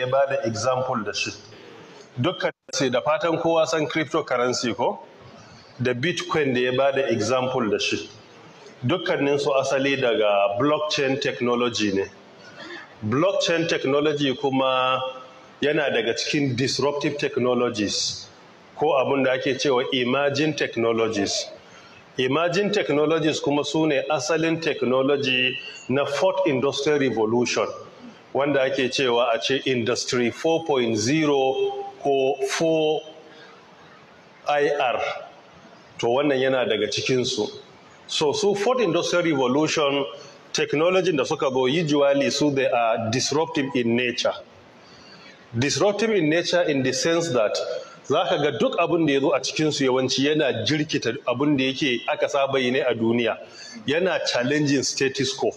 ya ba da example da shi dukkan da fatan kowa san cryptocurrency ko da bitcoin da ya ba da example da shi dukkanin su asali daga blockchain technology ne blockchain technology kuma yana daga cikin disruptive technologies ko abin da ake cewa emerging technologies emerging technologies kuma su ne asalin technology na fourth industrial revolution wanda ake cewa a ce industry 4.0 ko 4IR to wannan yana daga cikinsu so su so fourth industrial revolution technology da suka go usually su they are disruptive in nature disruptive in nature in the sense that za ka ga duk abin da ya zo a cikinsu yawanci yana jirkita abin da yake aka saba yi ne a duniya yana challenging status quo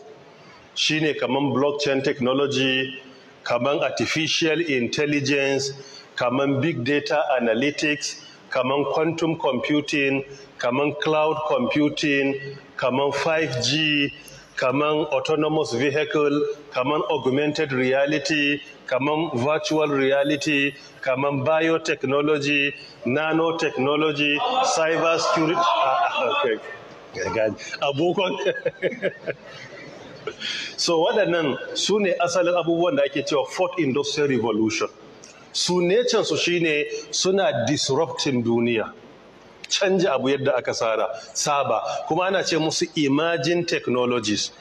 shine kaman blockchain technology kaman artificial intelligence kaman big data analytics kaman quantum computing kaman cloud computing kaman 5g kaman autonomous vehicle kaman augmented reality kaman virtual reality kaman biotechnology nanotechnology cyber security ah, abokan ah, so waɗannan su ne asalin abubuwan da ake cewa fourth industrial revolution su nature su shine suna disrupting duniya canja abu yadda aka sara saba kuma ana ce musu imagine technologies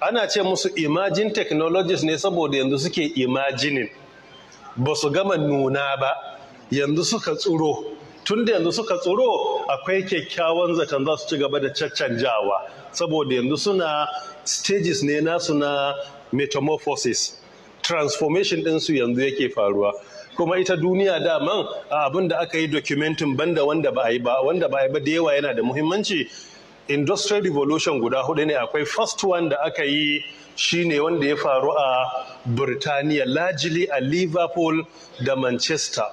ana ce musu imagine technologies ne saboda yanzu suke imagining ba su gama nuna ba yanzu suka tsuro tun da yanzu suka tsuro akwai kyakkyawan zaton za su ci gaba da caccanjawa saboda yanzu suna stages ne nasu na metamorphosis transformation ɗinsu yanzu yake faruwa kuma ita duniya daman abin da aka yi documentin banda wanda ba a yi ba wanda ba a yi ba da yawa yana da muhimmanci industrial revolution guda hudu ne akwai first one da aka yi shine wanda ya faru a Birtaniya largely a Liverpool da Manchester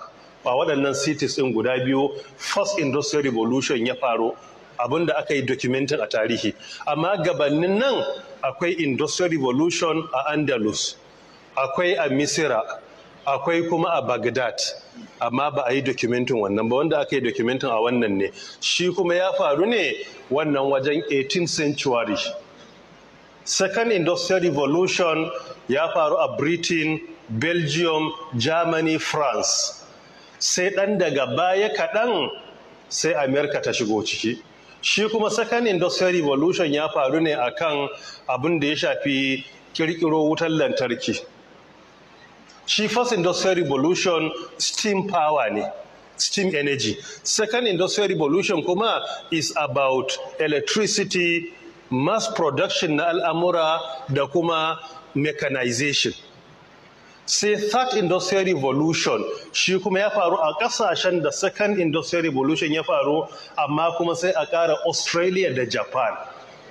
a waɗannan cities ɗin guda biyu first industrial revolution ya faru abin da aka yi documentin a tarihi amma gabanin nan akwai industrial revolution a andalus akwai a misira akwai kuma a baghdad amma ba a yi documentin wannan ba wanda aka yi documentin a wannan ne shi kuma ya faru ne wannan wajen 18th century second industrial revolution ya faru a britain belgium germany france sai ɗan daga baya kaɗan sai amerika ta shigo ciki shi kuma second industrial revolution ya faru ne akan abin da ya shafi kirkiro wutar lantarki shi first industrial revolution steam power ne steam energy second industrial revolution kuma is about electricity mass production na al'amura da kuma mechanization sai third industrial revolution shi kuma ya faru a kasashen da second industrial revolution ya faru amma kuma sai a ƙara australia da japan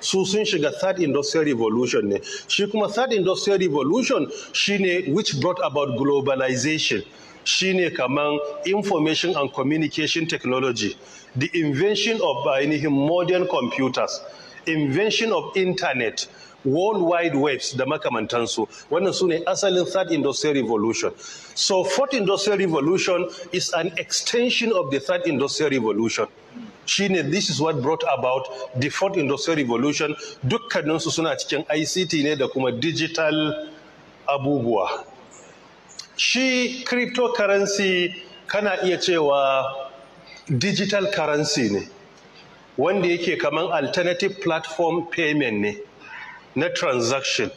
su sun shiga third industrial revolution ne shi kuma third industrial revolution shine which brought about globalization shine kaman information and communication technology the invention of ainihin modern computers invention of internet world wide waves da makamantansu wannan su ne asalin third industrial revolution so fourth industrial revolution is an extension of the third industrial revolution shine this is what brought about the fourth industrial revolution dukkaninsu suna cikin ict ne da kuma digital abubuwa shi cryptocurrency kana iya cewa digital currency ne wanda yake kamar alternative platform payment ne na transaction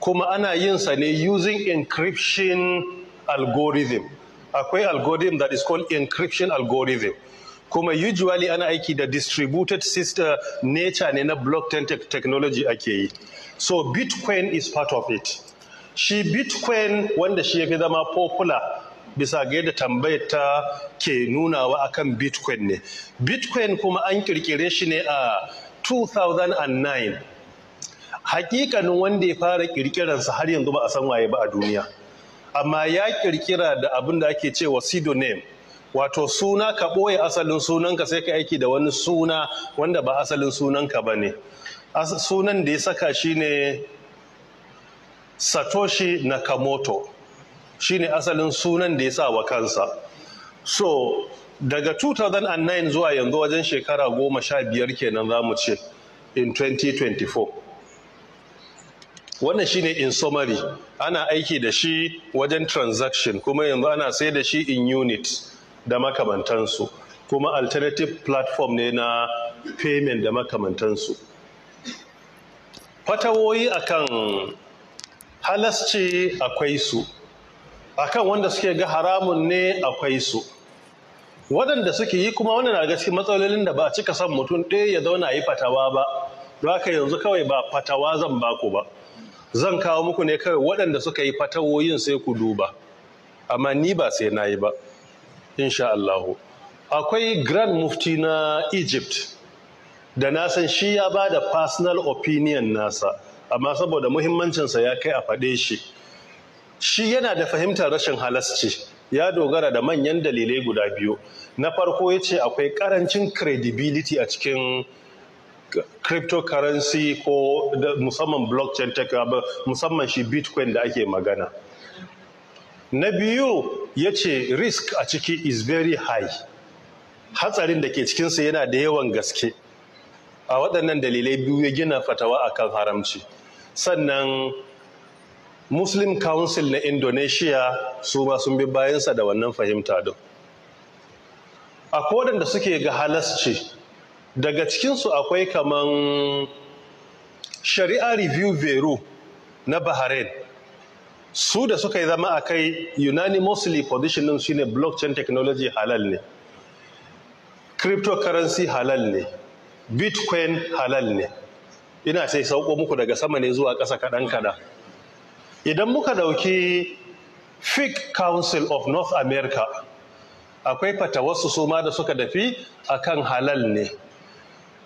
kuma ana yin sa ne using encryption algorithm akwai algorithm that is called encryption algorithm kuma usually ana aiki da distributed sister nature ne na blockchain technology ake yi so bitcoin is part of it shi bitcoin wanda shi ya fi zama popular bisa ga yadda tambayar ta ke nunawa akan bitcoin ne bitcoin kuma an kirkire shi ne a 2009 hakikanin wanda ya fara kirkiransa har yanzu ba a san waye ba a duniya amma ya kirkira da abin da ake cewa pseudonym wato suna ka ɓoye asalin sunanka sai ka aiki da wani suna wanda ba asalin sunanka ba ne sunan da ya saka shine satoshi nakamoto shine asalin sunan da ya sa wa kansa so daga 2009 zuwa yanzu wajen shekara goma sha biyar kenan za mu ce in 2024 wannan shine in summary ana aiki da shi wajen transaction kuma yanzu ana sai da shi in unit da makamantansu kuma alternative platform ne na payment da makamantansu fatawoyi akan halasci akwai su akan wanda suke ga haramun ne akwai su waɗanda suke yi kuma wannan na gaske matsalolin da ba a cika son mutum ɗaya ya zauna yi fatawa ba haka yanzu kawai ba fatawa zan baku ba zan kawo muku ne kawai waɗanda suka yi fatawoyin sai ku duba amma ni ba sai na yi ba insha Allah akwai grand mufti na egypt da na san shi ya ba da personal opinion nasa amma saboda muhimmancinsa ya kai a faɗe shi shi yana da fahimtar rashin halasci ya dogara da manyan dalilai guda biyu na farko ya ce akwai ƙarancin credibility a cikin cryptocurrency ko musamman blockchain technology musamman shi bitcoin da ake magana na biyu ya ce risk a ciki is very high hatsarin da ke cikinsa yana da yawan gaske a waɗannan dalilai biyu ya gina fatawa a kan haramci sannan muslim council na indonesia su ma sun bi bayansa da wannan fahimta don a da suke ga halasci daga cikinsu akwai kaman shari'a review Veru na bahrain su da suka yi zama a kai unanimously position din shine blockchain technology halal ne cryptocurrency halal ne bitcoin halal ne ina sai sauko muku daga sama ne zuwa ƙasa kaɗan kaɗan idan muka ɗauki fic council of north america akwai fatawarsu su ma da suka dafi akan halal ne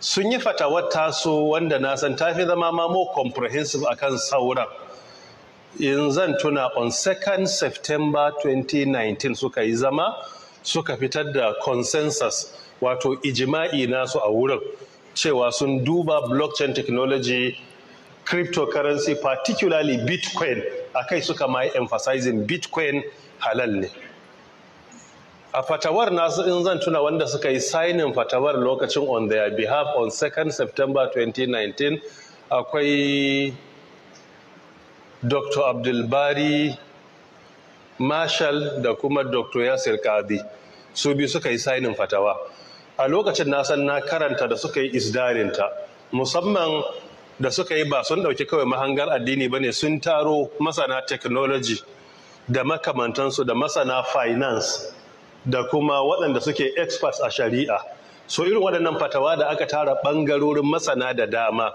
sun yi fatawar taso wanda na san ta fi zama ma more comprehensive kan sauran in zan tuna on 2nd september 2019 suka yi zama suka fitar da consensus wato ijima'i nasu a wurin cewa sun duba blockchain technology cryptocurrency particularly bitcoin a kai suka ma emphasizing bitcoin halal ne a fatawar nasu in zan tuna wanda suka yi sainin fatawar lokacin on their behalf on 2nd september 2019 akwai dr abdulbari marshall da kuma dr yasir kadi su biyu suka yi sainin fatawa a lokacin na san na karanta da suka yi isdarinta musamman da suka yi ba sun ɗauki kawai mahangar addini ba ne sun taro masana technology da makamantansu da masana finance da kuma waɗanda suke experts a shari'a so irin waɗannan fatawa da aka tara ɓangarorin masana da dama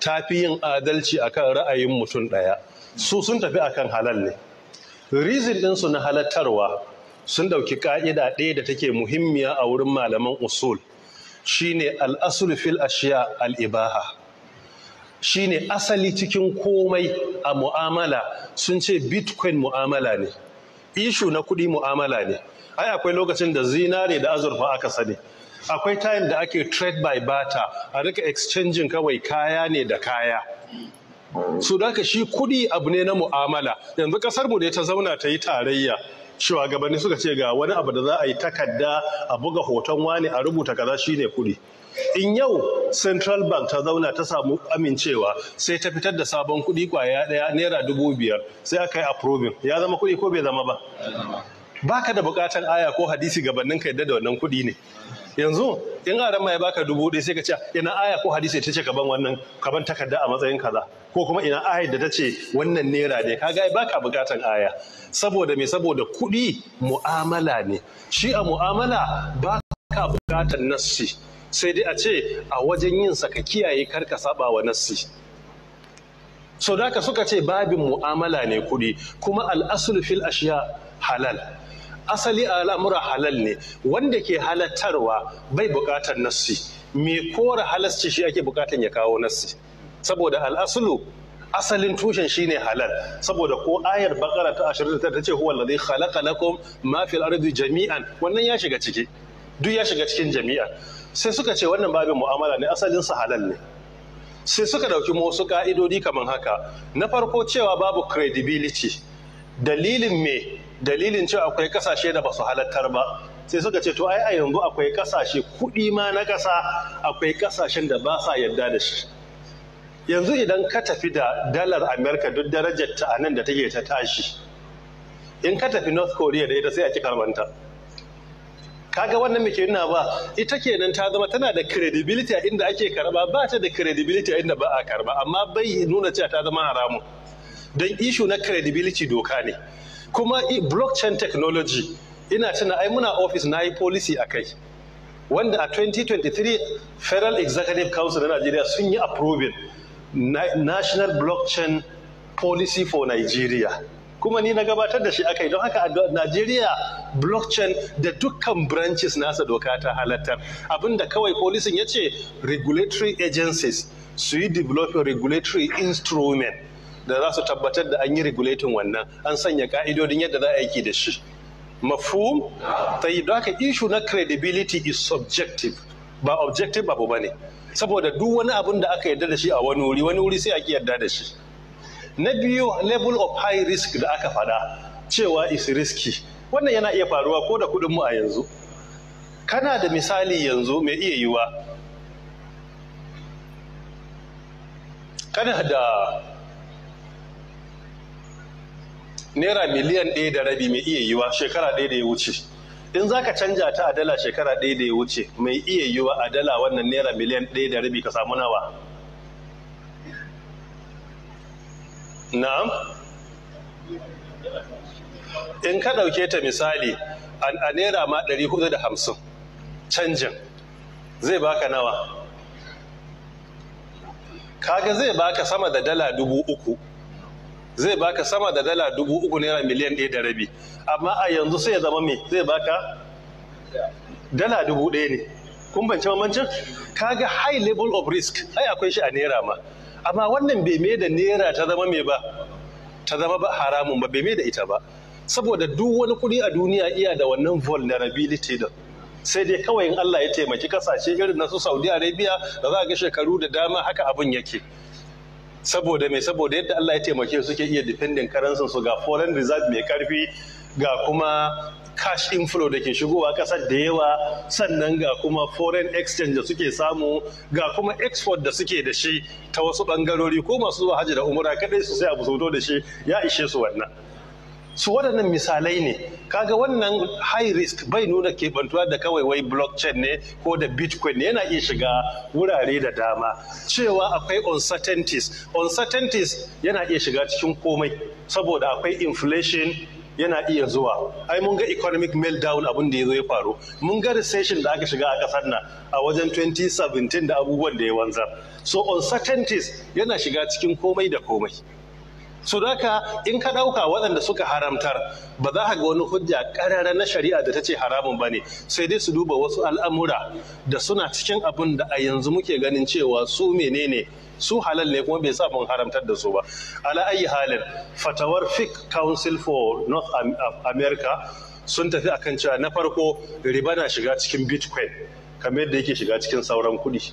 ta fi yin adalci a kan ra'ayin mutum ɗaya su sun tafi akan halal ne reason ɗinsu na halattarwa sun ɗauki ƙa'ida ɗaya da take muhimmiya a wurin malaman usul shine al'asul fil ashiya al'ibaha shine asali cikin komai a mu'amala sun ce bitcoin mu'amala ne ishu na kuɗi mu'amala ne ai akwai lokacin da zinare da azurfa aka sani akwai time da ake trade by barter a rika exchanging kawai kaya ne da kaya su da shi kudi abu ne na mu'amala yanzu kasar mu ne ta zauna ta yi tarayya shugabanni suka ce ga wani abu da za a yi takarda a buga hoton wani a rubuta kaza shine kudi in yau central bank ta zauna ta samu amincewa sai ta fitar da sabon kudi kwaya daya naira dubu biyar sai aka yi approving ya zama kudi ko bai zama ba baka da bukatan aya ko hadisi gabanin ka yadda da wannan kuɗi ne yanzu in aran ma ya baka dubu ɗaya sai ka ce ina aya ko hadisi ta ce kaban wannan kaban takarda a matsayin kaza ko kuma ina aya da ta ce wannan naira ne kaga ai baka bukatan aya saboda me saboda kuɗi mu'amala ne shi a mu'amala baka bukatan nassi sai dai a ce a wajen yin sa ka kiyaye kar ka saba wa nassi so da suka ce babin mu'amala ne kuɗi kuma al'asul fil ashiya halal asali al'amura halal ne wanda ke halattarwa bai bukatar nassi me kora halarci shi ake buƙatar ya kawo nassi saboda al'asulu asalin tushen shi ne halal saboda ko ayar bakara ta 29 ta ce huwa alladhi halaka lakum ma fil ardi jami'an wannan ya shiga ciki duk ya shiga cikin jami'an sai suka ce wannan babin mu'amala ne asalin sa halal ne sai suka dauki wasu ka'idodi kamar haka na farko cewa babu credibility dalilin me dalilin cewa akwai kasashe da ba su halattar ba sai suka ce to ai a yanzu akwai kasashe kuɗi ma na ƙasa akwai kasashen da ba sa yarda da shi yanzu idan ka tafi da dalar amerika duk darajar ta nan da take ta tashi in ka tafi north korea da ita sai a ki karbanta kaga wannan muke nuna ba ita kenan ta zama tana da credibility a inda ake karba ba ta da credibility a inda ba a karba amma bai nuna cewa ta zama haramun don ishu na credibility doka ne kuma blockchain technology ina tuna ai muna office na yi policy a kai wanda a 2023 federal executive council na nigeria sun yi approving national blockchain policy for nigeria kuma ni na gabatar da shi akai don haka a Najeriya blockchain da dukkan branches nasa doka ta halatta abinda kawai policy ya ce regulatory agencies su yi developing regulatory instrument da za su tabbatar da an yi regulating wannan an sanya ka'idodin yadda za a aiki da shi mafhum ta yi haka issue na credibility is subjective ba objective abu bane saboda duk wani abun da aka yarda da shi a wani wuri wani wuri sai ake yarda da shi na biyu level of high risk da aka faɗa cewa is risky wannan yana iya faruwa ko da kuɗin mu a yanzu kana da misali yanzu mai iya yiwa kana da naira miliyan ɗaya da rabi mai iya yiwa shekara ɗaya da ya wuce in za ka canja ta a dala shekara ɗaya da ya wuce mai iya yiwa a dala wannan naira miliyan ɗaya da rabi ka samu nawa na'am in ka ɗauke ta misali a naira ma ɗari hudu da hamsin canjin zai baka nawa kaga zai baka sama da dala dubu uku zai baka sama da dala dubu uku naira miliyan ɗaya da rabi amma a yanzu sai ya zama me zai baka dala dubu ɗaya ne kun bance mamancin kaga high level of risk ai akwai shi a naira ma amma wannan bai mai da naira ta zama me ba ta zama ba haramun ba bai mai da ita ba saboda duk wani kuɗi a duniya iya da wannan vulnerability din sai dai kawai in Allah ya taimaki kasashe irin na su Saudi Arabia da za ga shekaru da dama haka abun yake saboda mai saboda yadda Allah ya taimake suke iya defending karansan su ga foreign reserve mai karfi ga kuma cash inflow da ke shigowa kasar da yawa sannan ga kuma foreign exchange da suke samu ga kuma export da suke da shi ta wasu bangarori ko masu zuwa hajji da umura kadai su sai abu sauto da shi ya ishe su wannan su waɗannan misalai ne kaga wannan high risk bai nuna keɓantuwa da kawai wai blockchain ne ko da bitcoin ne yana iya shiga wurare da dama cewa akwai uncertainties uncertainties yana iya shiga cikin komai saboda akwai inflation yana iya zuwa ai mun ga economic meltdown abin da ya zo ya faru mun ga recession da aka shiga a ƙasar nan a wajen 2017 da abubuwan da ya wanzar so uncertainties yana shiga cikin komai da komai Sudaka, daka in ka ɗauka waɗanda suka haramtar ba za ka ga wani hujja ƙarara na shari'a da ta ce haramun ba ne sai dai su duba wasu al'amura da suna cikin abin da a yanzu muke ganin cewa su menene su halal ne kuma bai sa mun haramtar da su ba ala ayi halin fatawar fiqh council for north america sun tafi akan cewa na farko riba na shiga cikin bitcoin kamar yadda yake shiga cikin sauran kuɗi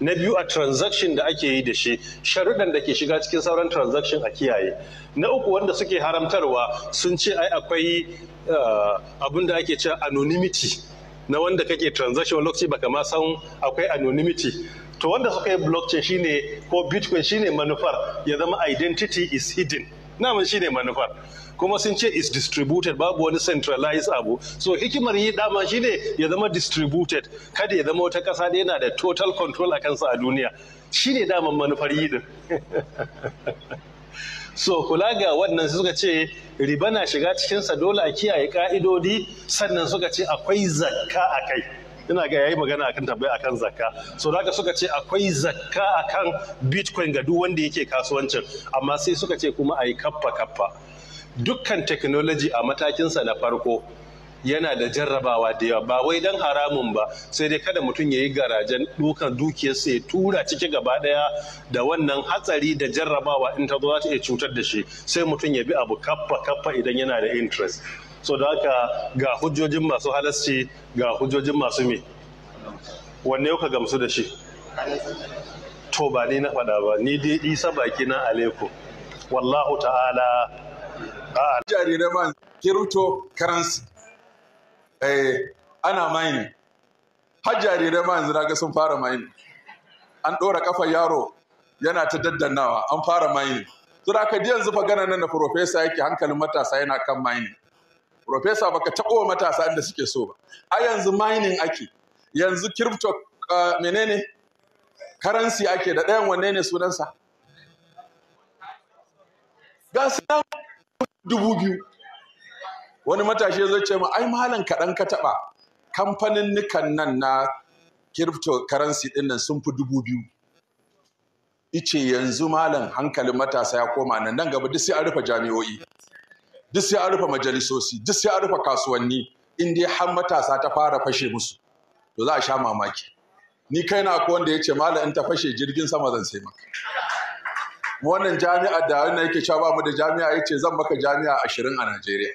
na biyu a transaction da ake yi da shi sharuɗan da ke shiga cikin sauran transaction a kiyaye na uku wanda suke haramtarwa sun ce ai akwai eh, abin da ake cewa anonymity na wanda kake transaction lokaci baka ma san akwai anonymity to wanda suka yi blockchain shine ko bitcoin shine manufar ya zama identity is hidden na mun shine manufar kuma sun ce is distributed babu wani centralized abu so hikimar yi dama shine ya zama distributed kada ya zama wata ƙasa da yana da total control a kansa a duniya Shi ne daman manufar yi din so kula ga wannan suka ce riba na shiga cikinsa dole a kiyaye ka'idodi sannan suka ce akwai zakka a kai ina ga yayi magana akan tambaya akan zakka so haka suka ce akwai zakka akan bitcoin ga duk wanda yake kasuwancin amma sai suka ce kuma ayi kaffa kaffa dukkan technology a matakinsa na farko yana da jarrabawa da yawa ba wai dan haramun ba sai dai kada mutum ya yi garajen dukan dukiyarsa ya tura ciki gaba daya da wannan hatsari da jarrabawa in ta zo za ta iya cutar da shi sai mutum ya bi abu kaffa kaffa idan yana da interest so da haka ga hujjojin masu halasci ga hujjojin masu me wanne yau ka gamsu da shi to ba ni na faɗa ba ni dai isa baki na aleku wallahu ta'ala jarirai ba currency eh, ana har jarirai ma yanzu naga sun fara mining an ɗora kafa yaro yana ta daddannawa an fara mining to da ji yanzu fa gana nan da profesa yake hankalin matasa yana kan mining profesa baka taɓo wa matasa inda suke so ba a yanzu mining ake yanzu crypto ah, menene currency ake da ɗayan wanne ne sunansa ga dubu biyu wani matashi zai ce ma ai malam kaɗan ka taɓa kamfanin nukan nan na cryptocurrency ɗin nan sun fi dubu biyu ice yanzu malam hankalin matasa ya koma nan nan gaba duk sai an rufe jami'o'i duk sai an rufe majalisosi, duk sai an rufe kasuwanni in dai har matasa ta fara fashe musu to za a sha mamaki ni kaina ko wanda ya ce malam in ta fashe jirgin sama zan sai maka wannan jami'a da wannan yake cewa ba mu da jami'a yace zan maka jami'a ashirin a Najeriya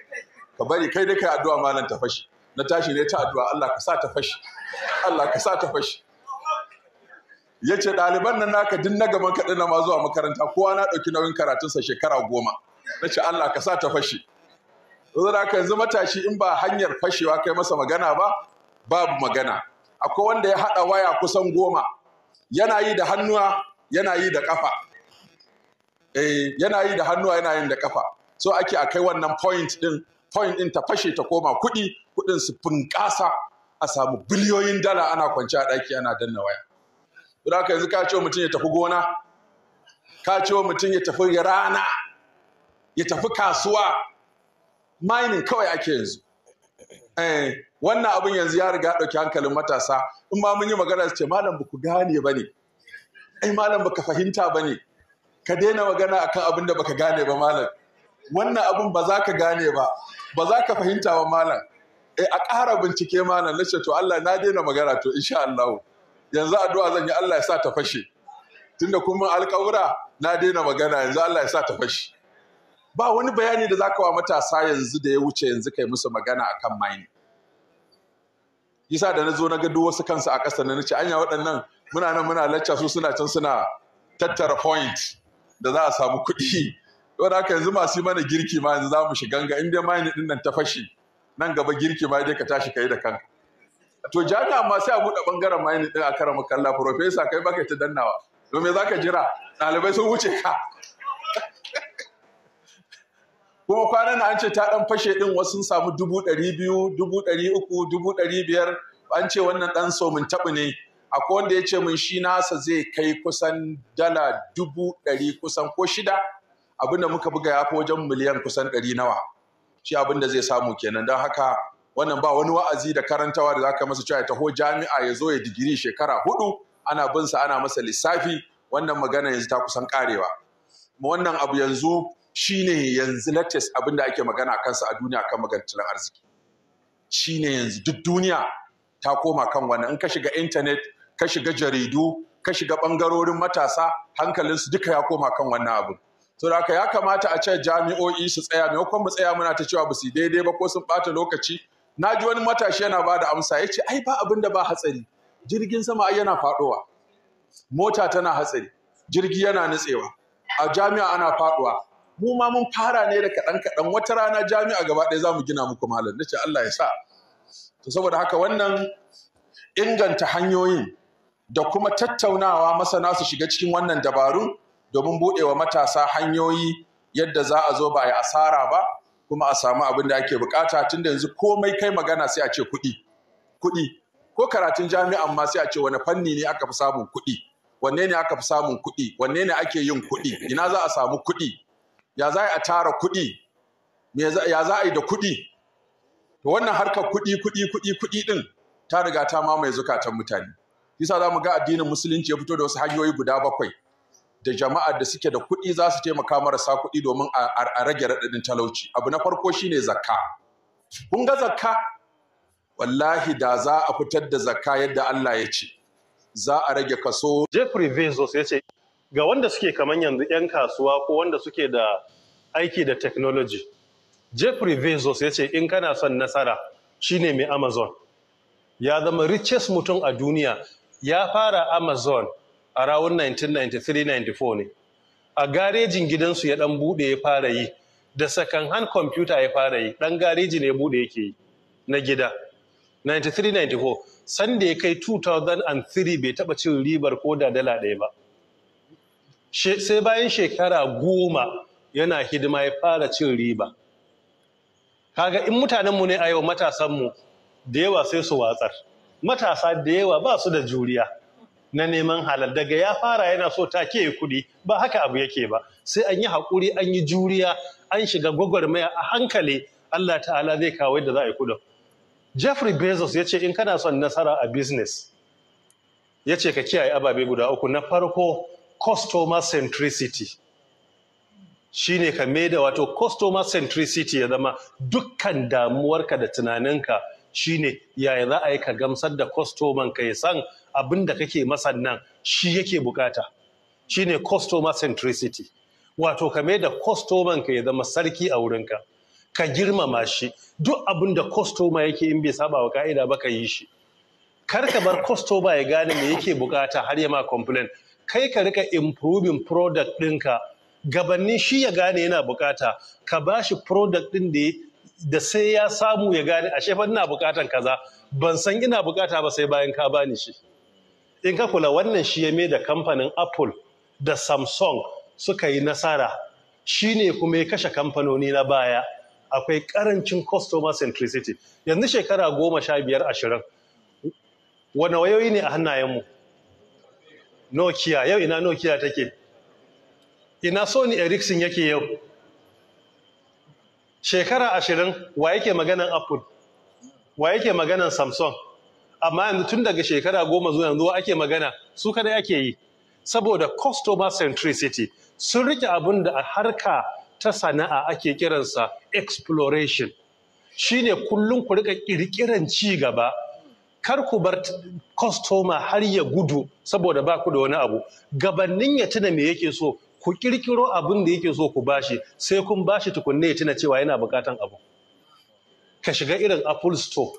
ka bari kai da kai addu'a malam ta fashi na tashi ne ta addu'a Allah ka sa ta fashi Allah ka sa ta fashi yace ɗaliban nan naka duk na gaban kaɗin na ma zuwa makaranta kowa na ɗauki nauyin sa shekara goma na ce Allah ka sa ta fashi da aka yanzu matashi in ba hanyar fashewa kai masa magana ba babu magana akwai wanda ya haɗa waya kusan goma yana yi da hannuwa yana yi da ƙafa Eh, yana yi da hannuwa yana yin da kafa so ake akai wannan point din point din ta fashe ta koma kuɗi kuɗin su bunƙasa a samu biliyoyin dala ana kwance a ɗaki ana danna waya don haka yanzu ka ce mutum ya tafi gona ka ce mutum ya tafi rana ya tafi kasuwa mining kawai ake yanzu eh wannan abin yanzu ya riga ɗauki hankalin matasa in ma mun yi magana su ce malam ba ku gane ba ne ai malam ba ka fahimta ba ne ka daina magana akan abin da baka gane ba malam wannan abin ba za ka gane ba ba za ka fahimta ba malam eh a ƙara bincike malam ce to Allah na daina magana to insha Allah yanzu addu'a zan yi Allah ya sa ta fashe tunda kuma alƙawura na daina magana yanzu Allah ya sa ta fashe. ba wani bayani da zaka wa matasa yanzu da ya wuce yanzu kai musu magana akan mine yasa da na zo na ga duk wasu kansu a ƙasa na nace anya waɗannan muna nan muna lacca su suna can suna tattara point da za a samu kuɗi wadda haka yanzu masu mana girki ma yanzu za mu shi ganga inda mani din nan ta fashi nan gaba girki ma dai ka tashi kai da kanka to jami'a ma sai a buɗe ɓangaren mani ɗin a karama kalla profesa kai baka ta dannawa domin za ka jira ɗalibai sun wuce ka kuma kwanan an ce ta ɗan fashe ɗin wasu sun samu dubu ɗari biyu dubu ɗari uku dubu ɗari biyar an ce wannan ɗan somin taɓu ne akwai wanda ya ce min shi nasa zai kai kusan dala dubu ɗari kusan ko shida abinda muka buga ya fi wajen miliyan kusan ɗari nawa shi abin zai samu kenan don haka wannan ba wani wa'azi da karantawa da zaka masa cewa ya taho jami'a ya zo ya digiri shekara hudu ana bin ana masa lissafi wannan magana yanzu ta kusan karewa wannan abu yanzu shine yanzu latest abin da ake magana a kansa a duniya kan magantalan arziki shine yanzu duk duniya ta koma kan wannan in ka shiga intanet ka shiga jaridu ka shiga bangarorin matasa hankalinsu duka ya koma kan wannan abin to da ya kamata a ce jami'o'i su tsaya maimakon mu tsaya muna ta cewa ba su daidai ba ko sun bata lokaci na ji wani matashi yana ba da amsa ya ce ai ba abin da ba hatsari jirgin sama ai yana faɗowa mota tana hatsari jirgi yana nutsewa a jami'a ana faɗuwa mu ma mun fara ne da kaɗan kaɗan wata rana jami'a gaba ɗaya za mu gina muku malam nace Allah ya sa to saboda haka wannan inganta hanyoyin da kuma tattaunawa masana su shiga cikin wannan dabarun domin buɗewa matasa hanyoyi yadda za a zo ba a yi asara ba kuma a samu abin da ake bukata tun da yanzu komai kai magana sai a ce kuɗi kuɗi ko karatun jami'an ma sai a ce wani fanni ne aka fi samun kuɗi wanne ne aka fi samun kuɗi wanne ne ake yin kuɗi ina za a samu kuɗi ya za a tara kuɗi ya za a yi da kuɗi to wannan harkar kuɗi kuɗi kuɗi kuɗi ɗin ta riga ta mamaye zukatan mutane yasa za mu ga addinin musulunci ya fito da wasu hanyoyi guda bakwai da jama'ar da suke da kuɗi za su taimaka marasa kuɗi domin a rage raɗaɗin talauci abu na farko shine zakka kun ga zakka wallahi da za a fitar da zakka yadda Allah ya ce za a rage kaso Jeffrey Bezos ya ce ga wanda suke kaman yanzu 'yan kasuwa ko wanda suke da aiki da technology Jeffrey Bezos ya ce in kana son nasara shine mai Amazon ya zama richest mutum a duniya ya fara amazon a rawun 1993-94 ne a garejin gidansu ya dan bude ya fara yi da second hand computer ya fara yi dan gareji ne ya bude yake yi na gida 93-94 sanda ya kai 2003 bai taba cin ribar ko da dala ɗaya ba sai bayan shekara goma yana hidima ya fara cin riba kaga in mutanenmu ne a yau matasanmu da yawa sai su watsar matasa da yawa ba su da juriya na neman halal daga ya fara yana so ta ke kuɗi ba haka abu yake ba sai an yi haƙuri an yi juriya an shiga gwagwarmaya a hankali Allah ta'ala zai kawo yadda za a yi kudin. Jeffrey Bezos ya ce in kana son nasara a business ya ce ka kiyaye ababe guda uku na farko customer centricity shine ka maida wato customer centricity ya zama dukkan damuwarka da tunaninka shine yaya za a yi ka gamsar da kwastoman ka ya san abin da kake masan nan shi yake bukata shine customer centricity wato ka da kwastoman ka ya zama sarki a wurinka ka girmama shi duk abin da kwastoma yake in bai saba wa ka'ida ba ka yi shi kar ka bar kwastoma ya gane me yake bukata har ya ma complain kai ka rika improving product ɗinka gabanin shi ya gane yana bukata ka bashi shi product ɗin da ya. da sai ya samu ya gane ashe fa ina bukatan kaza ban san ina bukata ba sai bayan ka bani shi in ka kula wannan shi ya mai da kamfanin apple da samsung suka yi nasara shi kuma ya kashe kamfanoni na baya akwai karancin customer centricity yanzu shekara goma sha biyar ashirin wane wayoyi ne a hannayenmu nokia yau ina nokia take ina sony ericsson yake yau shekara ashirin wa yake maganan apple wa yake maganan samsung amma yanzu tun daga shekara goma zuwa yanzu ake magana su kadai ake yi saboda customer centricity sun rike abin da a harka ta sana'a ake kiransa exploration shine kullum ku rika kirkiran ci gaba kar ku bar customer har ya gudu saboda ba ku da wani abu gabanin ya tuna me yake so ku kirkiro abin da yake so ku bashi sai kun bashi tukunne ya tuna cewa yana bukatan abu ka shiga irin apple store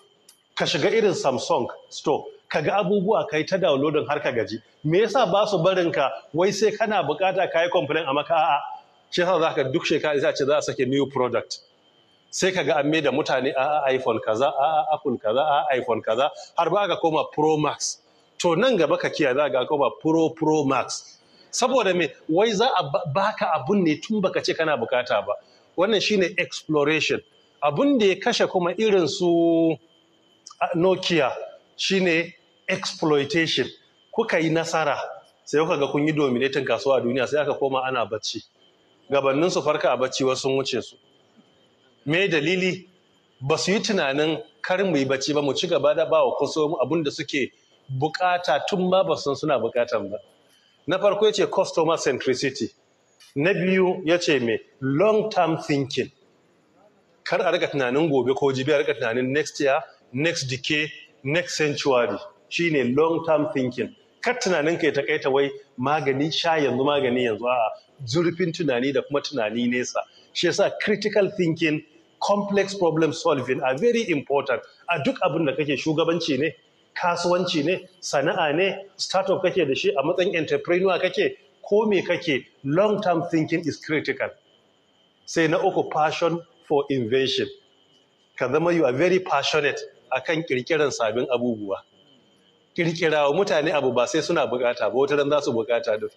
ka shiga irin samsung store ka ga abubuwa kai ta downloadin har ka gaji me yasa ba su barin ka wai sai kana bukata ka yi complain a maka a'a shi yasa za ka duk shekara za ce za a sake new product sai ka ga an da mutane a'a iphone kaza a'a apple kaza a'a iphone kaza har ba ka koma pro max to nan gaba ka kiya za ga koma pro pro max saboda me wai za a baka abun ne tun baka ce kana bukata ba wannan shine exploration abun da ya kashe kuma irin su ah, nokia shine exploitation kuka yi nasara sai kuka ga kun yi dominatin kasuwa a duniya sai aka koma ana bacci gabanin su farka a bacci wasu wuce su me dalili ba su yi tunanin kar mu yi bacci ba mu ci gaba da ba wa kusa abun da suke bukata tun ma ba san suna bukatan ba na farko ya ce customer centricity na biyu ya ce mai long term thinking kar a rika tunanin gobe ko jibi a rika tunanin next year next decade next century Shi ne long term thinking kar tunanin ka kai takaita wai magani sha yanzu magani yanzu a zurfin tunani da kuma tunani nesa shi yasa critical thinking complex problem solving are very important a duk abin da kake shugabanci ne kasuwanci ne sana'a ne startup kake da shi a matsayin entrepreneur kake ko me kake long term thinking is critical sai na uku passion for invention ka zama you are very passionate akan kirkiran sabbin abubuwa kirkirawa mutane abu ba sai suna bukata ba wataran za su bukata da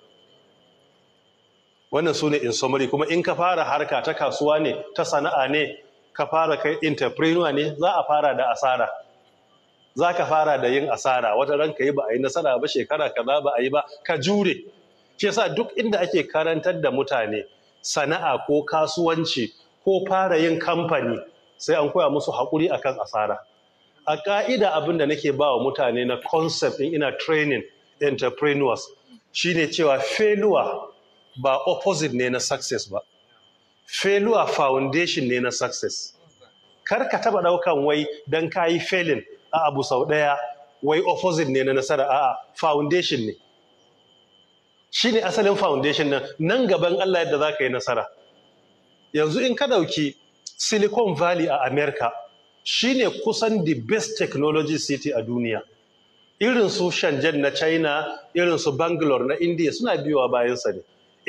wannan su ne in summary kuma in ka fara harka ta kasuwa ne ta sana'a ne ka fara kai entrepreneur ne za a fara da asara za ka fara da yin asara wata ran ka yi ba a yi nasara ba shekara kaza ba a yi ba ka jure shi yasa duk inda ake karantar da mutane sana'a ko kasuwanci ko fara yin kamfani sai an koya musu haƙuri akan asara a ƙa'ida abin da nake ba wa mutane na concept in ina training entrepreneurs shine cewa failure ba opposite ne na success ba failure foundation ne na success kar ka taba daukan wai dan kayi failing a abu sau ɗaya wai opposite ne na nasara a'a foundation ne shi ne asalin foundation nan nan gaban Allah yadda za ka yi nasara yanzu in ka ɗauki silicon valley a america shi ne kusan the best technology city a duniya irin su shenzhen na china irin su bangalore na india suna biyowa bayansa ne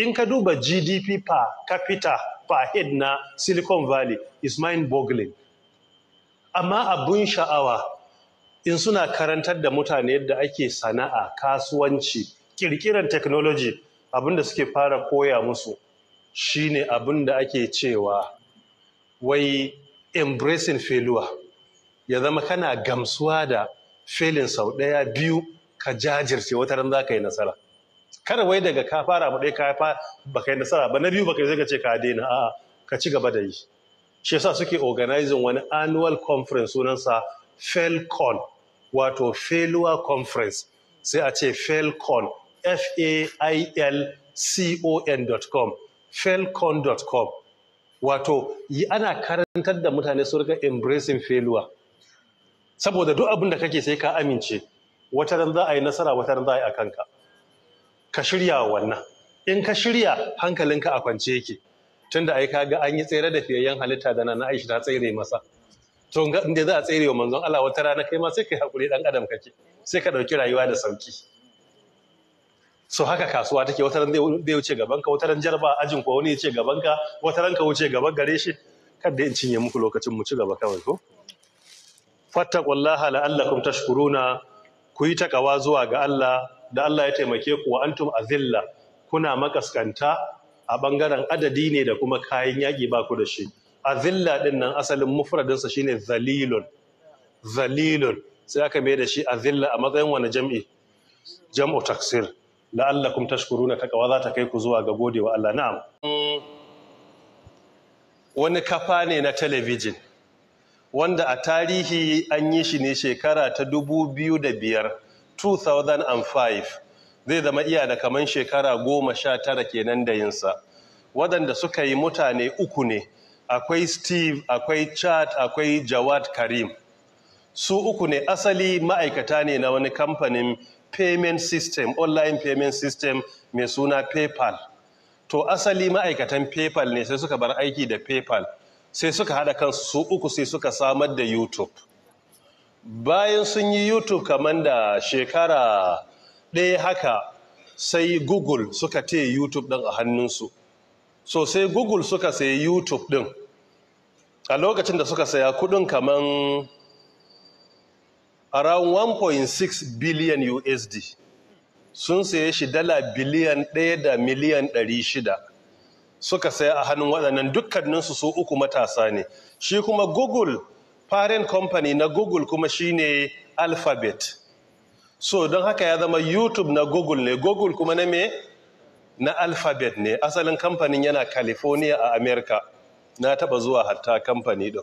in ka duba gdp per capita per head na silicon valley is mind boggling amma abun sha'awa in suna karantar da mutane yadda ake sana'a kasuwanci kirkiran technology abinda suke fara koya musu shine abinda ake cewa wai embracing failure ya zama kana gamsuwa da felin sau ɗaya biyu ka jajirce wata ran za ka yi nasara kada wai daga ka fara mu ka fa ba yi nasara ba na biyu ba ka zai ka ce ka daina a'a ka ci gaba da yi shi yasa suke organizing wani annual conference sunansa felcon wato failure conference sai a ce felcon f-a-i-l-c-o-n.com felcon.com wato yi ana karantar da mutane su rika embracing failure saboda duk abin da kake sai ka amince wata ran za a yi nasara wata ran za a yi a kanka ka shirya wannan in ka shirya hankalinka a kwance yake tunda ai kaga an yi tsere da fiyayyen halitta da na Aisha ta tsere masa to inda za a tsere wa manzon Allah wata rana kai ma sai kai hakuri dan adam kake sai ka dauki rayuwa da sauki so haka kasuwa take wata ran zai wuce gaban ka wata ran jarba ajin ko wani ya ce gaban ka wata ran ka wuce gaban gare shi kada in cinye muku lokacin mu ci gaba kawai ko fattaqullaha la'allakum tashkuruna ku yi takawa zuwa ga Allah da Allah ya taimake ku wa antum azilla kuna makaskanta a bangaren adadi ne da kuma kayan yaki ba ku da shi azilla din nan asalin mufradinsa shine zalilun zalilun sai aka mai da shi azilla a matsayin wani jam'i jam'u taksir la'allakum tashkuruna taqwa za ta kai ku zuwa ga godewa Allah na'am wani kafa ne na talabijin wanda a tarihi an yi shi ne shekara ta 2005 2005 zai zama iya da kaman shekara goma sha tara kenan da yinsa waɗanda suka yi mutane uku ne akwai steve akwai chad akwai jawad karim su uku ne asali ma'aikata ne na wani kamfanin payment system online payment system mai suna paypal to asali ma'aikatan paypal ne sai suka bar aiki da paypal sai suka haɗa kansu su uku sai suka samar da youtube bayan sun yi youtube kamar da shekara ɗaya haka sai google suka te youtube ɗin a hannunsu so sai google suka sai youtube ɗin a lokacin da suka saya kudin kaman around 1.6 billion usd sun saye shi dala biliyan ɗaya da miliyan ɗari shida suka saya a hannun waɗannan dukkaninsu su uku matasa ne shi kuma google parent company na google kuma shine alphabet so don haka ya zama youtube na google ne google kuma na me na alphabet ne asalin kamfanin yana california a america na taba zuwa hatta kamfani din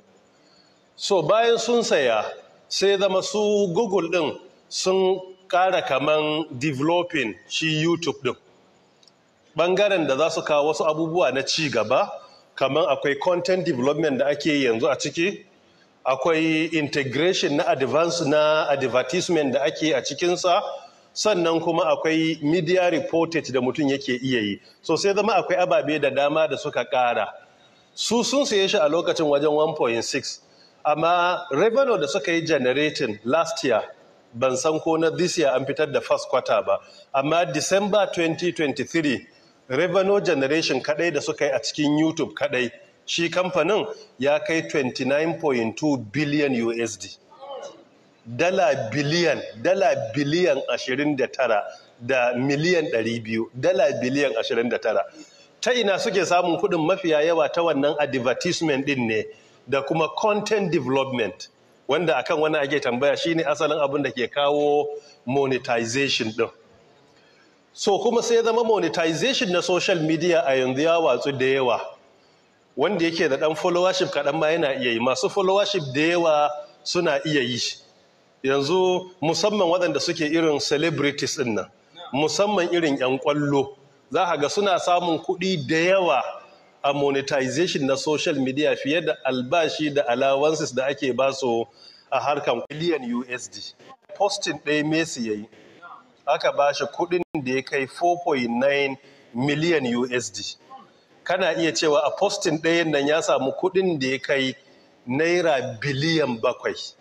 so bayan sun saya sai zama su google din sun ƙara kaman developing shi youtube din bangaren da za su kawo wasu abubuwa na ci gaba kaman akwai content development da ake yanzu a ciki akwai integration na advance na advertisement da ake a cikinsa sannan kuma akwai media reportage da mutum yake iya yi so sai zama akwai ababe da dama da suka ƙara. su sun siye shi a lokacin wajen 1.6 amma revenue da suka yi generating last year ban san ko na this year an fitar da first quarter ba amma december 2023 revenue generation kadai da suka yi a cikin youtube kadai shi kamfanin ya kai 29.2 billion usd dala biliyan dala biliyan 29 da miliyan 200 dala biliyan 29 ta ina suke samun kuɗin mafiya yawa ta wannan advertisement din ne da kuma content development wanda akan wani ake tambaya shine asalin abin da ke kawo monetization din? So kuma sai zama monetization na social media a yanzu ya watsu da yawa wanda yake da dan followership kaɗan ma yana iya yi masu followership da yawa suna iya yi yanzu musamman waɗanda suke irin celebrities ɗin nan musamman irin 'yan kwallo. za a ga suna samun kuɗi da yawa a monetization na social media fiye da albashi da allowances da ake basu a harkar biliyan USD. posting ɗaya Messi ya yi, aka ba shi kuɗin da ya kai 4.9 miliyan USD. Kana iya cewa a posting ɗayan nan ya samu kuɗin da ya kai naira biliyan bakwai.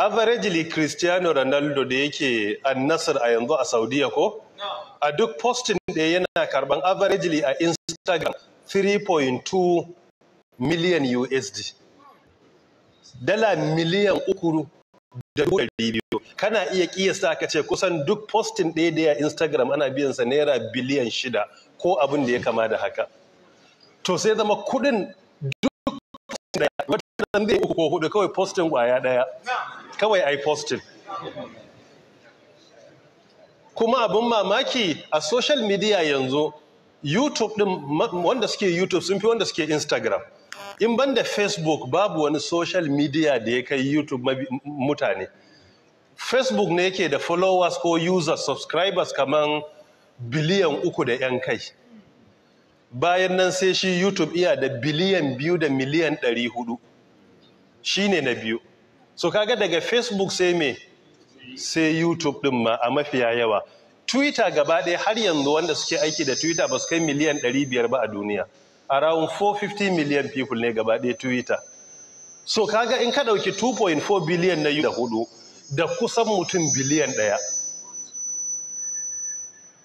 averagely cristiano ronaldo da yake annasar a yanzu a saudiya ko a duk postin da yana karban averagely a instagram 3.2 million usd dala miliyan uku da biyu kana iya kiyasta ka ce kusan duk postin ɗaya da ya instagram ana biyansa naira biliyan shida ko abin da ya kama da haka to sai zama kuɗin san zai uku ko hudu kawai postin kwaya daya kawai ai postin kuma abin mamaki a social media yanzu youtube din wanda suke youtube sun fi wanda suke instagram in ban da facebook babu wani social media da ya kai youtube mutane facebook ne yake da followers ko users subscribers kamar biliyan uku da 'yan kai bayan nan sai shi youtube iya da biliyan biyu da miliyan ɗari hudu Shi ne na biyu so kaga daga facebook sai me sai youtube din ma a mafiya yawa twitter gaba ɗaya har yanzu wanda suke aiki da twitter ba su kai miliyan 500 ba a duniya around 450 million people ne gaba ɗaya twitter so kaga in ka ɗauki 2.4 biliyan na da hudu da kusan mutum biliyan ɗaya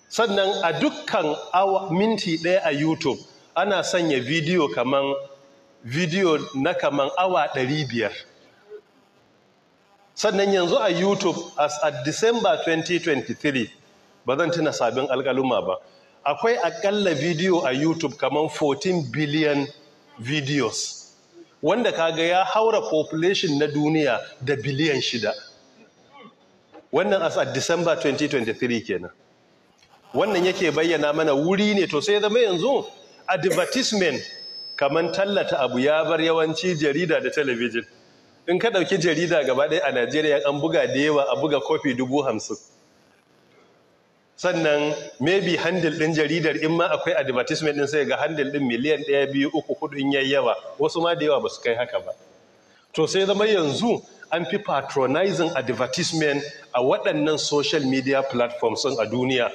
sannan a dukkan minti ɗaya a youtube ana sanya bidiyo kaman video na kaman awa 500 sannan yanzu a youtube as a december 2023 ba zan tuna sabin alkaluma ba akwai akalla video a youtube kaman 14 billion videos wanda kaga ya haura population na duniya da biliyan shida wannan as a december 2023 kenan wannan yake bayyana mana wuri ne to sai zama yanzu advertisement kamar tallata abu ya bar yawanci jarida da talabijin in ka ɗauki jarida gaba ɗaya a najeriya an buga da yawa a buga kofi dubu hamsin sannan maybe handil ɗin jaridar in ma akwai advertisement ɗin sai ga handil ɗin miliyan ɗaya biyu uku hudu in yayi yawa wasu ma da yawa ba su kai haka ba to sai zama yanzu an fi patronizing advertisement a waɗannan social media platforms a duniya